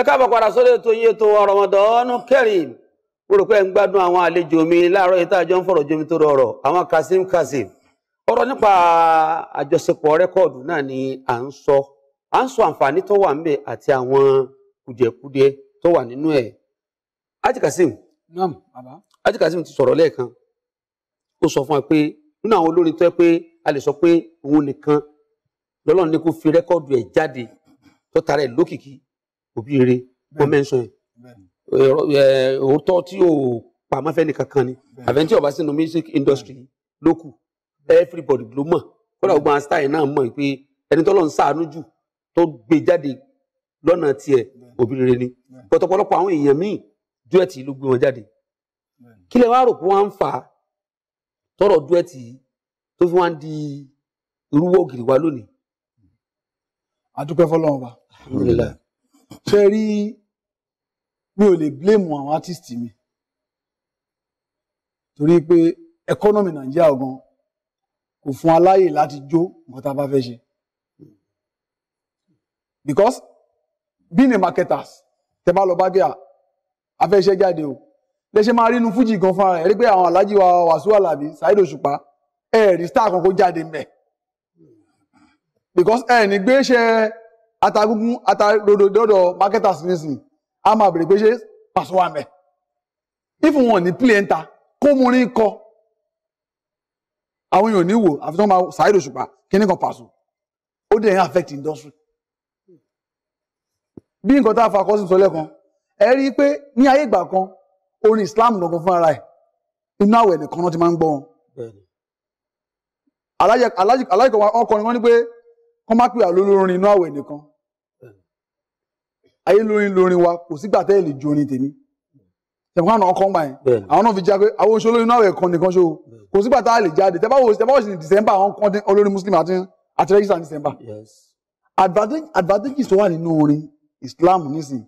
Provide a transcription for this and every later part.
ẹ káàbọ̀ padà sórí ètò yín ètò Ramadan Kareem mo rò ẹ ń gbádùn àwọn àlejò mi yìí jomi tó rọrọ àwọn Kazeem Kazeem ọrọ nípa àjọṣepọ̀ rẹ́kọ̀dù náà ni à ń sọ à ń sọ àǹfààní tó wà ńbẹ̀ àti àwọn kùdìẹ̀kudiẹ tó wà nínú ti sọrọ ó sọ fún wa pé nínú àwọn a lè sọ pé òun nìkan fi jáde tó tara òbí rere kó mẹ́sàn ẹ̀ òótọ́ tí ò pamọ́ fẹ́ nìkan kan ni àfẹ́ntí ọ̀bá sínú music industry ló kù everybody ló mọ̀ kódà gbogbo àwọn style náà mọ̀ pé ẹni tọ́lọ́ ń ṣàánú jù tó gbé jáde lọ́nà tiẹ̀ òbí rere ni pọ̀tọ̀pọ̀lọpọ̀ àwọn èèyàn míì dúẹ̀tì ló gbé wọn jáde kí lẹ wá rò pé wọ́n á ń fà tọrọ dúẹ̀tì yìí tó fi wá di irúwọ́ ògiri wa lónìí. a dúpẹ́ fọlọ́run ba ṣe rí mi ò lè blame àwọn artist mi torí pé economy Nàìjíríà gan kò fún aláyè láti jó nǹkan tá a bá fẹ́ ṣe because being a marketer, tẹ bá lọ bá gẹ́ à a fẹ́ ṣe jáde o lẹ́ṣẹ̀ máa rí inú fújì gan fúnra rẹ̀ rí pé àwọn aláàjì wa Wàsíù Àlàbí Saheed Òṣùpá ẹ̀ẹ́dì star kan kó jáde mẹ́ because ẹ̀ẹ́nì gbéṣẹ́ atagungun atarodo dọ́dọ̀ marketers nísìnyí a máa bèrè pé ṣé pàṣẹ wà mẹ́ ifun wọn ní play enter kó mu rin kọ àwọn èèyàn ò ní wò àfi tí wọ́n máa ṣàìdò ṣùpá kíní kan pàṣẹ ó dẹ̀ ń affect industry bí nǹkan tá a fa kọ́sìn sọlẹ̀ kan ẹ rí i pé ní ayé ìgbà kan orin Islam gangan fúnra ẹ̀ inú àwẹ̀ nìkan náà ti máa ń gbọ́ wọn alájẹ alájẹ alájẹ kan wọn kọrin wọn ni pé kọ́n pè àlọ́ lórin inú àwẹ̀ nìkan ayé lórin lórin wa kò sígbà tẹ́ ẹ̀ lè jorin tèmi tẹ̀kọ́ àwọn ọkọ̀ ń gbà yẹn àwọn náà fi já pé àwọn oṣù olórin náà rẹ̀ kan nìkan ṣó kò sígbà tá a lè jáde tẹ́ bá wò tẹ́ bá wò sí ní december àwọn kan olórin muslim àti àti register ní december. advantages tó wà nínú orin islam nísìnyí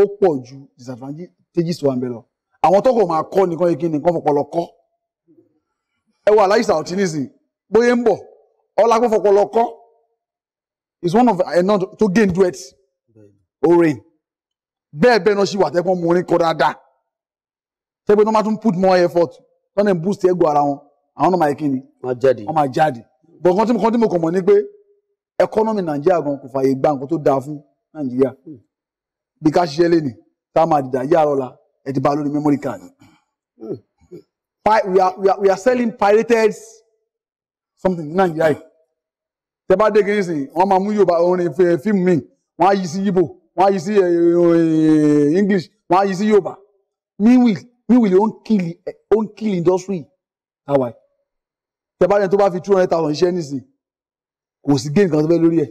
ó pọ̀ ju disadvantage. tó wà níbẹ̀ lọ àwọn tó kò máa kọ́ nìkan yìí kí nìkan fọpọlọ kọ́ ẹ wọ aláìsà ọtí nísìnyí bóyá ń bọ̀ ọlá kó fọpọlọ kọ́ is one of ẹ̀ náà tó gain duet. orin bẹ́ẹ̀ bẹ́ẹ̀ náà ṣì wà tẹ́kọ̀ mú orin kọ dáadáa ṣé pé wọ́n máa tún put more effort wọ́n náà boost ego ara wọn àwọn náà máa yẹ kí ni wọ́n máa jáde but kan tí mo kan tí mo kàn mọ̀ ni pé economy nàìjíríà gan kò fààyè gba nǹkan tó dáa fún nàìjíríà hmm. bí ká ṣiṣẹ́ lé ní tá a máa dìdà ọ̀la ẹ̀ lórí memory card hmm. we are we we selling pirated something ní nàìjíríà yìí tẹ bá dé kiri sìn wọn máa mú yorùbá orin fíìmù mi á yí sí wọ́n á yí eh, eh, English wọ́n á yí sí Yorùbá meanwhile meanwhile ó ń kill own kill industry àwa tẹbárẹ̀ tó bá fi two hundred thousand ṣiṣẹ́ nísìn kò sí gain kan tó fẹ́ lórí ẹ̀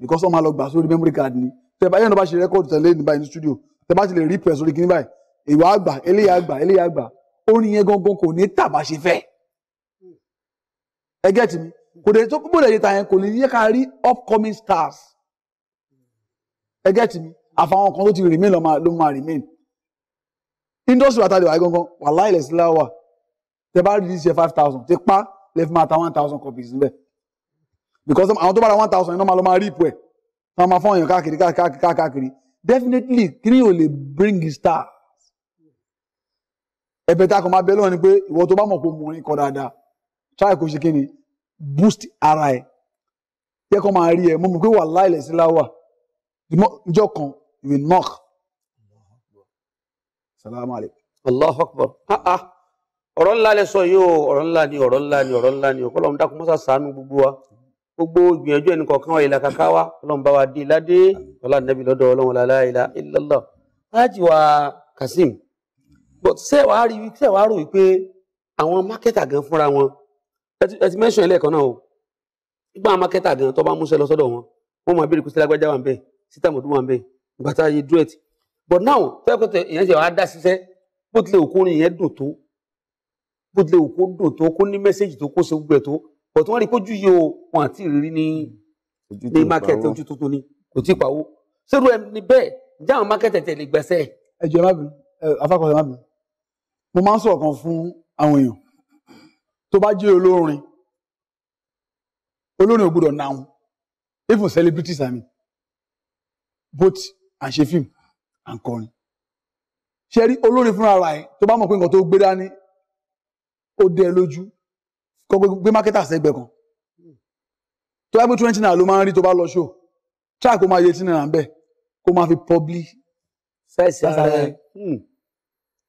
because wọ́n máa lọ gbà sórí memory card ni tẹbárẹ̀ náà bá ṣe record tẹ̀lé ní báyìí ní studio tẹbá ti lè rí pẹ̀ sórí kíní báyìí ìwà àgbà eléyà àgbà eléyà àgbà orin yẹn gangan kò ní tàbá ṣe fẹ́ ẹ gẹ́tì mi kò dé tó kúbọ̀dẹ̀ yẹta yẹn kò ní yẹ ká rí upcoming stars ẹ gẹ́tì mi àfàwọn kan tó ti remain ló máa remain industry àtàlẹ̀ wáyé gangan wàhálà ilẹ̀ sílá wà tẹ bá rí ṣe five thousand ti pa lẹ́fí máa ta one thousand copies níbẹ̀ because àwọn tó bá ra one thousand iná máa lọ máa rí ipò ẹ̀ wọ́n máa fọ́ọ̀yàn káàkiri káàkiri káàkiri definitely kíní ò lè bring stars ẹ̀bẹ̀ tá a kàn máa bẹ lọ́wọ́ ni pé ìwọ tó bá mọ̀ pé mo rìn kọ́ dáadáa try kò ṣe kíni boost ara ẹ̀ yẹ kó máa rí ẹ̀ mo mọ̀ pé wàhálà ilẹ̀ sílá wà njọ́ kan ìwé knock salamu alaykum. Allah akbar ọ̀rọ̀ ńlá lẹ sọ yìí o ọ̀rọ̀ ńlá ni ọ̀rọ̀ ńlá ni ọ̀rọ̀ ńlá ni ọ̀kọ́lọ́mù dákun mọ́sá sànú gbogbo wa gbogbo gbìyànjú ẹnì kọ̀ọ̀kan wa ìlà kankan wa ọlọ́run bá wa dé ládé ọlá nàbí lọ́dọ̀ ọlọ́run lálá ìlà ìlọ́lọ́ láti wa Kazeem but ṣé wàá rí ṣé wàá rò wípé àwọn mákẹ́tà gan fúnra wọn ẹ ti mẹ́sàn-án ẹlẹ́ẹ̀kan náà o nígbà mákẹ́tà gan tó bá múṣẹ́ lọ sọ́dọ̀ wọn wọ́n máa béèrè kó wà ń bẹ́ẹ̀ síta mọ̀dún wà bẹ́ẹ̀ ìgbà tá a dúró ẹ̀ but now fẹ́ẹ́kọ̀ tẹ ìyẹn ṣe wàá dá ṣiṣẹ́ bó tilẹ̀ òkúrin yẹn dùn tó bó tilẹ̀ òkú dùn tó kó ní mẹ́sẹ̀gì tó kó ṣe gbogbo tó but wọ́n rí pójú yìí o wọn àti ìrírí ní ní market ojú tuntun ni kò tí ì pawó ṣerú ẹ ní bẹ́ẹ̀ jáwọn market tẹ̀ lè gbẹ́sẹ̀. ẹ jọ̀ọ́ ẹ ẹ má bínú mo máa ń sọ̀rọ̀ kan fún àwọn èèyàn tó bá jẹ́ olórin olórin ò gbọ́dọ̀ náà even celebrities àmì. I mean both à ń ṣe fíìmù à ń kọrin ṣe rí olórin fúnra ara ẹ tó bá mọ̀ pé nǹkan tó gbé dání ó dẹ lójú kó gbé mákẹ́tà sẹ́gbẹ̀ kan tó bá gbé twenty naira ló máa ń rí tó bá lọ ṣó track kó máa yẹ eighteen naira ń bẹ̀ kó máa fi public fẹsẹ̀ eh, ara ẹ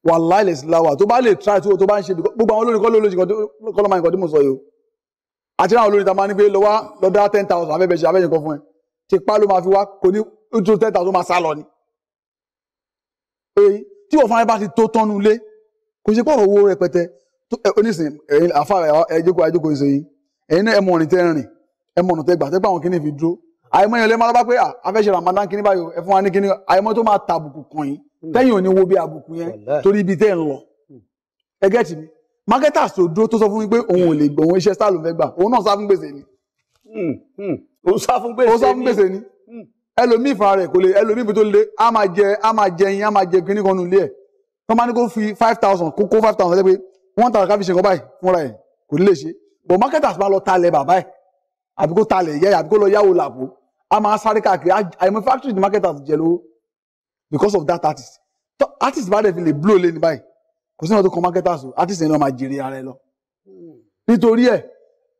wàhálà ilẹ̀ sí láwà tó bá lè try tó bá ń ṣe gbogbo àwọn olórin kọ́ ló lóṣù kọ́ ló máa ń kọ́ tí mo sọ yìí o àti àwọn olórin tá a máa ní pé lọ wá lọ dá ten thousand abẹ́bẹ̀ ṣe abẹ́yẹn kan fún ẹ tipa ló máa fi wá kò ní ojú ten thousand máa sá lọ ni. oye tí wọ́n fún ayé bá ti tó tọ́nu lé kò ṣe pọ̀rọ̀ owó rẹpẹtẹ onísìn ẹ̀yin àfàrà ẹ̀jẹ̀kọ̀ ẹ̀jẹ̀kọ̀ ẹ̀sẹ̀ yìí ẹ̀yin náà ẹ̀mọ̀ ọ̀rìn tẹ́ rìn ẹ̀mọ̀ ọ̀nà tẹ́ gbà tẹ́ gbà wọn kíní fi dúró àìmọ́ yẹn lè máa lọ bá pé àfẹ́ṣe ramadan kíní báyìí ẹ̀fún wa ní kíní àìmọ́ tó máa ta àbùkù kan yìí hmm. tẹ́yìn ò ní wo bí àbùkù yẹn torí ibi tẹ́ ń lọ hmm. ẹgẹ́ tì mí marketers tó dúró tó sọ fún mi pé òun ò lè gbọ́ òun iṣẹ́ star ló fẹ́ gbà òun náà sá fún gbèsè ni. òun hmm, sá fún gbèsè ni ẹlòmíì fara rẹ̀ kò lè ẹlòmíì bí le a máa jẹ a máa jẹ yín a máa jẹ kíní kan nù ilé ẹ̀ ní kó fi five thousand kó kó five thousand ẹ pé wọ́n tàrà káfíṣe nǹkan báyìí fúnra ẹ̀ kò ní ṣe but marketers máa lọ talẹ̀ bàbá ẹ̀ àbí kó talẹ̀ ìyá ẹ̀ àbí kó lọ yáwó làbò a máa sáré káàkiri àìmọ̀ factory ni marketers jẹ lówó because of that artist tó artist bá dẹ̀ fi lè blow lé ní báyìí kò sí náà tó kọ marketers o artist yẹn lọ máa jèrè ara ẹ lọ hmm. nítorí ẹ̀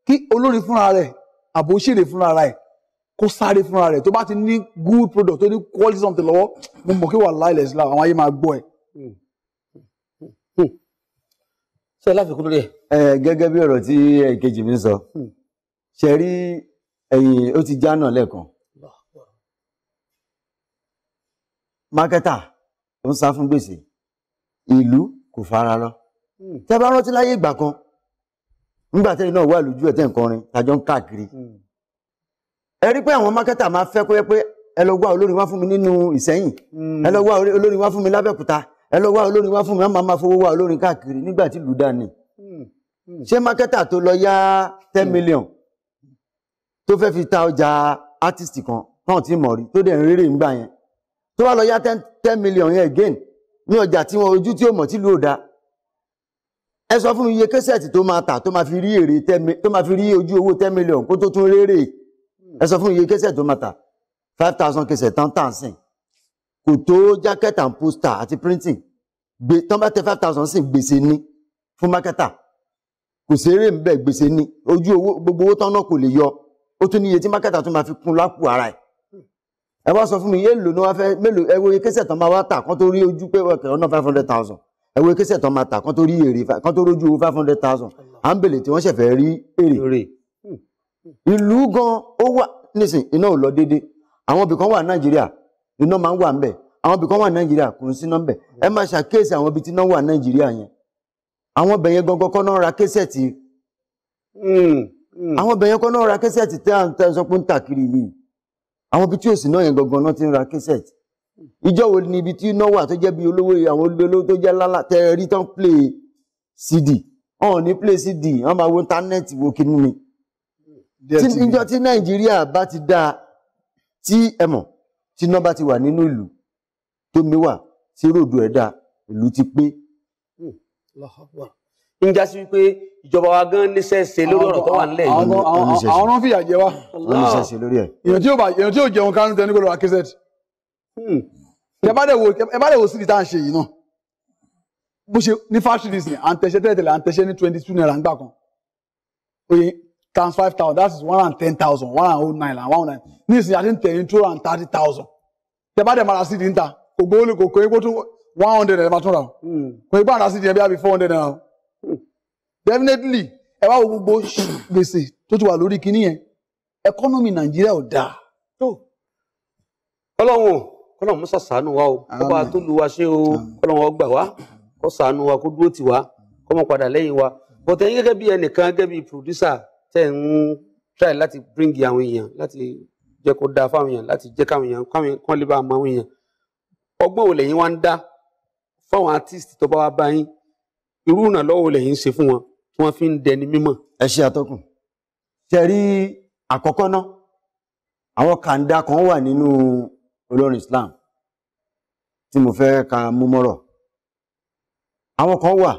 kí olórin fúnra rẹ̀ àbò òṣèré fúnra rẹ̀ kó sáré fúnra rẹ̀ tó bá ti ní good product tó ní quality something lọ́wọ́ mo mọ̀ kí wà láìlẹ̀ sí láwọn ayé máa gbọ́ ẹ̀. ṣé láfikún lórí ẹ. gẹ́gẹ́ bí ọ̀rọ̀ tí èkejì mi sọ ṣe rí ẹ̀yìn ó ti já náà lẹ́ẹ̀kan mákẹ́tà ó ń sá fún gbèsè ìlú kò fara lọ tẹ́ bá rántí láyé ìgbà kan nígbà tẹ́yìn náà wà lójú ẹ̀ tẹ́ rin tàjọ ń káàkiri. Mm ẹ rí pé àwọn mákẹ́tà máa fẹ́ kó yẹ pé ẹ lọ wá olórin wá fún mi nínú ìsẹ́yìn ẹ lọ wá olórin wá fún mi lábẹ́òkúta ẹ lọ wá olórin wá fún mi máa máa fowó wá olórin káàkiri nígbà tí ìlú dà ní. ṣé mákẹ́tà tó lọ yá ten million tó fẹ́ fi ta ọjà artist kan náà ti mọ̀ rí tó dẹ̀ ń rírì ńgbà yẹn tó wá lọ yá ten million yẹn again ní ọjà tí wọn ojú tí ó mọ̀ tí ìlú ò dáa ẹ sọ fún mi iye kẹsẹ̀tì tó máa tà tó máa fi rí èrè tó máa fi rí ojú owó ten million kó tó tún rérè ẹ sọ fún iye kẹsẹ̀ tó máa five thousand kẹsẹ̀ tán tà ń sìn kò tó jákẹ́tà pósítà àti printing gbé tán bá tẹ five thousand sìn gbèsè ní fún mákẹ́tà kò séré ń bẹ̀ gbèsè ní ojú owó gbogbo owó tán náà kò lè yọ ó tún ní iye tí mákẹ́tà tún máa fi kún lápò ara ẹ̀ ẹ wá sọ fún mi yéèlò ni wọ́n fẹ́ mélòó ẹ iye kẹsẹ̀ tán máa wá tà kán tó rí ojú pé ọkẹ́ ọ̀nà five hundred thousand ẹ wo iye kẹsẹ̀ tán máa tà kán tó rí èrè kán tó rójú five hundred thousand à ń bèlè tí wọ́n ṣẹ̀fẹ̀ rí èrè ìlú gan ó wà nísìn iná ò lọ déédéé àwọn ibì kan wà nàìjíríà iná máa ń wà ńbẹ àwọn ibì kan wà nàìjíríà kò ń síná ńbẹ ẹ máa ṣàkíyèsí àwọn ibi tí iná wà nàìjíríà yẹn àwọn ibẹ̀ yẹn gangan kọ́ náà ra késẹ̀tì hmm, hmm. àwọn ibẹ̀ yẹn kọ́ náà ra késẹ̀tì tẹ́ à ń sọ pé ń tà kiri yìí àwọn ibi tí òsì náà yẹn gangan náà ti ń ra késẹ̀tì ìjọ wo ni ibi tí iná wà tó jẹ́ bí olówó àwọn olówó tó jẹ́ lálá tẹ́ rí tán play cd wọn ò ní play cd wọn máa wo íńtánẹ́ẹ̀tì wo kinní ni níjọ́ tí nàìjíríà bá ti dáa tí ẹ tí iná ti wà nínú ìlú tómi wà tí ròdù ẹ̀ ìlú ti pé. Hmm, ń sí wípé ìjọba wa gan níṣẹ́ ṣe lórí ọ̀rọ̀ tó wà nílẹ̀ yìí. àwọn ọ̀rọ̀ fìyà jẹ wa. wọ́n níṣẹ́ ṣe lórí ẹ̀. èèyàn tí yóò jẹun kánú tẹ nígbà lọ́wọ́ kẹsẹ̀tì. ẹ bá dẹ̀ wo sídìí tá à ń ṣe yìí náà bó ṣe ní fásitì à ń tẹ̀sẹ̀ tẹ́lẹ̀ à ń tẹ̀sẹ̀ ní twenty two naira ń gbà kan. times 5,000. is 110,000, 109,000 and 109. Nísìnyí, 230,000 ti ń tẹ̀yìn two hundred and thousand. di one hundred o. Hmm. di hmm. Definitely, ẹ wá gbogbo gbèsè tó ti wà lórí kinní yẹn. Ẹkọ́nọ́mì Nàìjíríà ò dáa. Ọlọ́run Musa wa o. Ọba tó lu wa o, Ọlọ́run ó gbà wá. ṣàánú wa kó dúró mọ̀ padà wa. gẹ́gẹ́ bí ẹnìkan gẹ́gẹ́ producer tẹ́ ń try láti bring àwọn èèyàn láti jẹ́ kó dáa fáwọn èèyàn láti jẹ́ káwọn èèyàn káwọn èèyàn kán lè bá mọ àwọn èèyàn ọgbọ́n wo lẹ́yìn wá ń dá fáwọn artist tó bá wá bá yín irú ìrànlọ́wọ́ wo lẹ́yìn ṣe fún wọn tí wọ́n fi ń dẹni mímọ̀. ẹ ṣe àtọkùn ṣe rí àkọ́kọ́ náà àwọn kàńdà kan wà nínú olórin Islam tí mo fẹ́ ka mú mọ́rọ̀ àwọn kan wà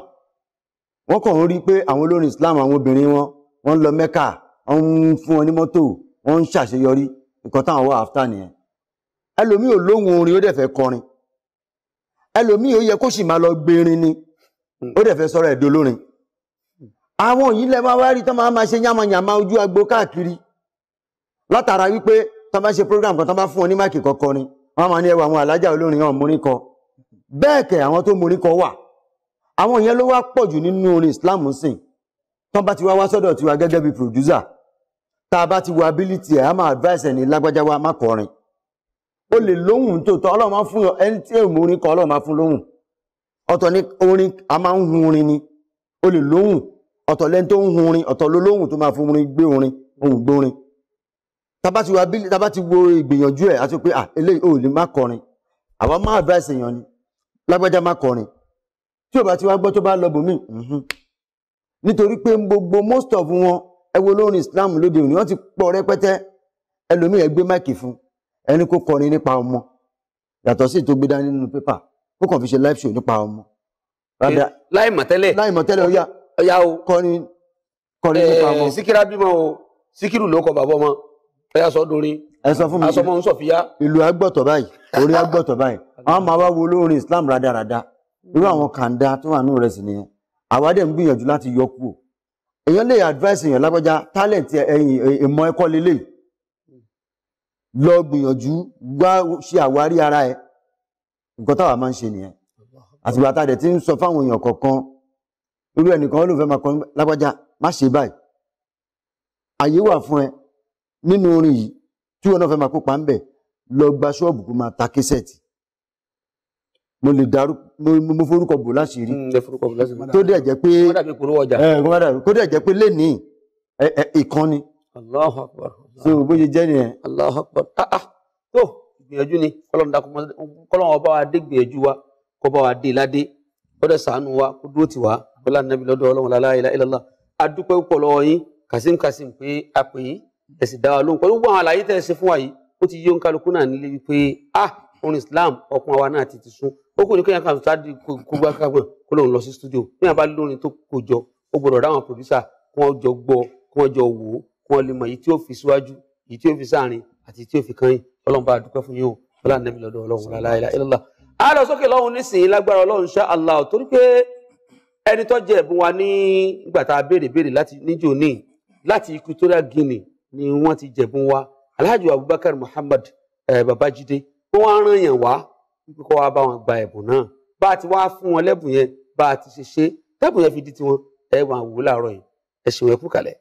wọ́n kàn ń rí pé àwọn olórin Islam àwọn obìnrin wọn wọ́n ń lọ mẹ́kà wọ́n ń fún wọn ní mọ́tò wọ́n ń ṣàṣeyọrí nǹkan táwọn wà áfítà nìyẹn ẹlòmíì ò lóhùn orin ó dẹ̀ fẹ́ kọrin ẹlòmíì ó yẹ kó sì máa lọ gbérin ni hmm. ó dẹ̀ fẹ́ sọ̀rọ̀ ẹ̀dọ́ lórin hmm. àwọn yìí lẹ́ máa wá rí tán máa máa ṣe yánmayànmá ojú agbo káàkiri látara wípé tán bá ṣe program kan tán bá fún wọn ní máàkì kọ̀ọ̀kan ni wọ́n máa ní ẹwà àwọn alájà olórin hàn mórí kọ bẹ́ẹ̀ kẹ̀ àwọn tó mórí kọ wà àwọn yẹn ló wá pọ̀ jù nínú orin Islam sìn tán bá ti wá wá sọ́dọ̀ tiwa gẹ́gẹ́ bí producer tá a bá ti wo ability ẹ̀ á máa advice ẹ̀ ní lágbájá wa má kọrin ó lè lóhùn tó tọ́ ọlọ́run máa fún ẹni tí èèmọ orin kan ọlọ́run máa fún lóhùn ọ̀tọ̀ ni orin a máa ń hun orin ni ó lè lóhùn ọ̀tọ̀ lẹ́ni tó ń hun orin ọ̀tọ̀ ló lóhùn tó máa fún orin gbé orin ohùn gbórin tá bá bá ti wo ìgbìyànjú ẹ̀ á sọ pé ah eléyìí ò lè má kọrin àwa máa advice ni lágbájá má kọrin tí ò bá ti wá gbọ́ nítorí pé gbogbo most of wọn ẹ wo lórin Islam lóde òní wọ́n ti pọ̀ rẹpẹtẹ ẹlòmíì ẹ gbé máìkì fún ẹni kó kọrin nípa ọmọ yàtọ̀ sí tó gbé nínú pépà ó kàn fi ṣe live show nípa ọmọ. láì mọ̀tẹ́lẹ̀ láì mọ̀tẹ́lẹ̀ ó yá ó yá o kọrin kọrin nípa ọmọ. Eh, síkírá bímọ o síkírù ló kọ bàbá ọmọ ẹ yà sọ dorin ẹ sọ fún mi asọmọ ń sọfìyà. ìlú agbọ̀tọ̀ báyìí orí agbọ̀tọ̀ báyìí àwọn máa wá wo olórin Islam rádaràda irú àwọn kàńdá tó wà nù rẹ̀ sì nìyẹn àwa dẹ̀ ń gbìyànjú láti yọ kúrò èèyàn lè advice èèyàn lágbájá talent ẹ̀yìn ìmọ̀ ẹ̀kọ́ lélẹ̀ lọ gbìyànjú wá ṣe àwárí ara ẹ̀ nǹkan táwa máa ń ṣe nìyẹn àtìgbà tá a dẹ̀ ti ń sọ fáwọn èèyàn kọ̀ọ̀kan irú ẹnìkan olùfẹ́ máa kọ lágbájá má ṣe báyìí àyè wà fún ẹ nínú orin yìí tí wọn náà fẹ́ máa kópa ń bẹ̀ lọ gba ṣọ́ọ̀bù kó máa ta késẹ̀tì mo lè darú mo mm, forúkọ bò láṣìírí tó dẹ̀ jẹ́ pé kó eh, dẹ̀ jẹ́ pé lénìí ìkànnì. Allahu Akbar. so bó ṣe jẹ́ nìyẹn. Allahu Akbar ah ah tó gbìyànjú ni kọ́lọ́n dàkú kọ́lọ́n ọba wa dé gbìyànjú wa kọ́ bá wa dé ládé ó dẹ̀ ṣàánú wa kó dúró tì wá bọ́lá nàbí lọ́dọ̀ ọlọ́run lálá ilá ilá adúpẹ́ púpọ̀ yín kàsím a pè yín ẹ̀sìn dá wa lóhùn pẹ̀lú gbogbo àwọn àlàyé tẹ̀ ṣe fún orin Islam ọkùn àwa náà ti ti sún ó kò ní kéèyàn kan sáàdì kó gbá kágbọn kó lóun lọ sí studio kéèyàn bá lórin tó kó jọ ó gbọ́dọ̀ ráwọn pòdúsà kí wọ́n jọ gbọ́ kí wọ́n jọ wò ó kí wọ́n lè mọ èyí tí ó fi síwájú èyí tí ó fi sáàrin àti èyí tí ó fi kàn yín Ọlọ́run bá dúpẹ́ fún yín o ọlá nẹbi lọ́dọ̀ Ọlọ́run la ilaha illallah á lọ sókè lọ́hùn nísìnyí lágbára Ọlọ́run insha Allah torí pé ẹni tó jẹ ẹbùn wa ní ìgbà tá a béèrè béèrè láti níjò ní láti Equatorial Guinea ni wọ́n ti jẹbùn wa Alhaji Abubakar Muhammad eh, Babajide wọ́n wá rán yàn wá wípé kó wá bá wọn gba ẹ̀bùn náà bá a ti wá fún wọn lẹ́bùn yẹn bá a ti ṣe ṣe tẹ́bùn yẹn fi di tiwọn ẹ wà wò láàárọ̀ yìí ẹ ṣeun ẹ kú kalẹ̀.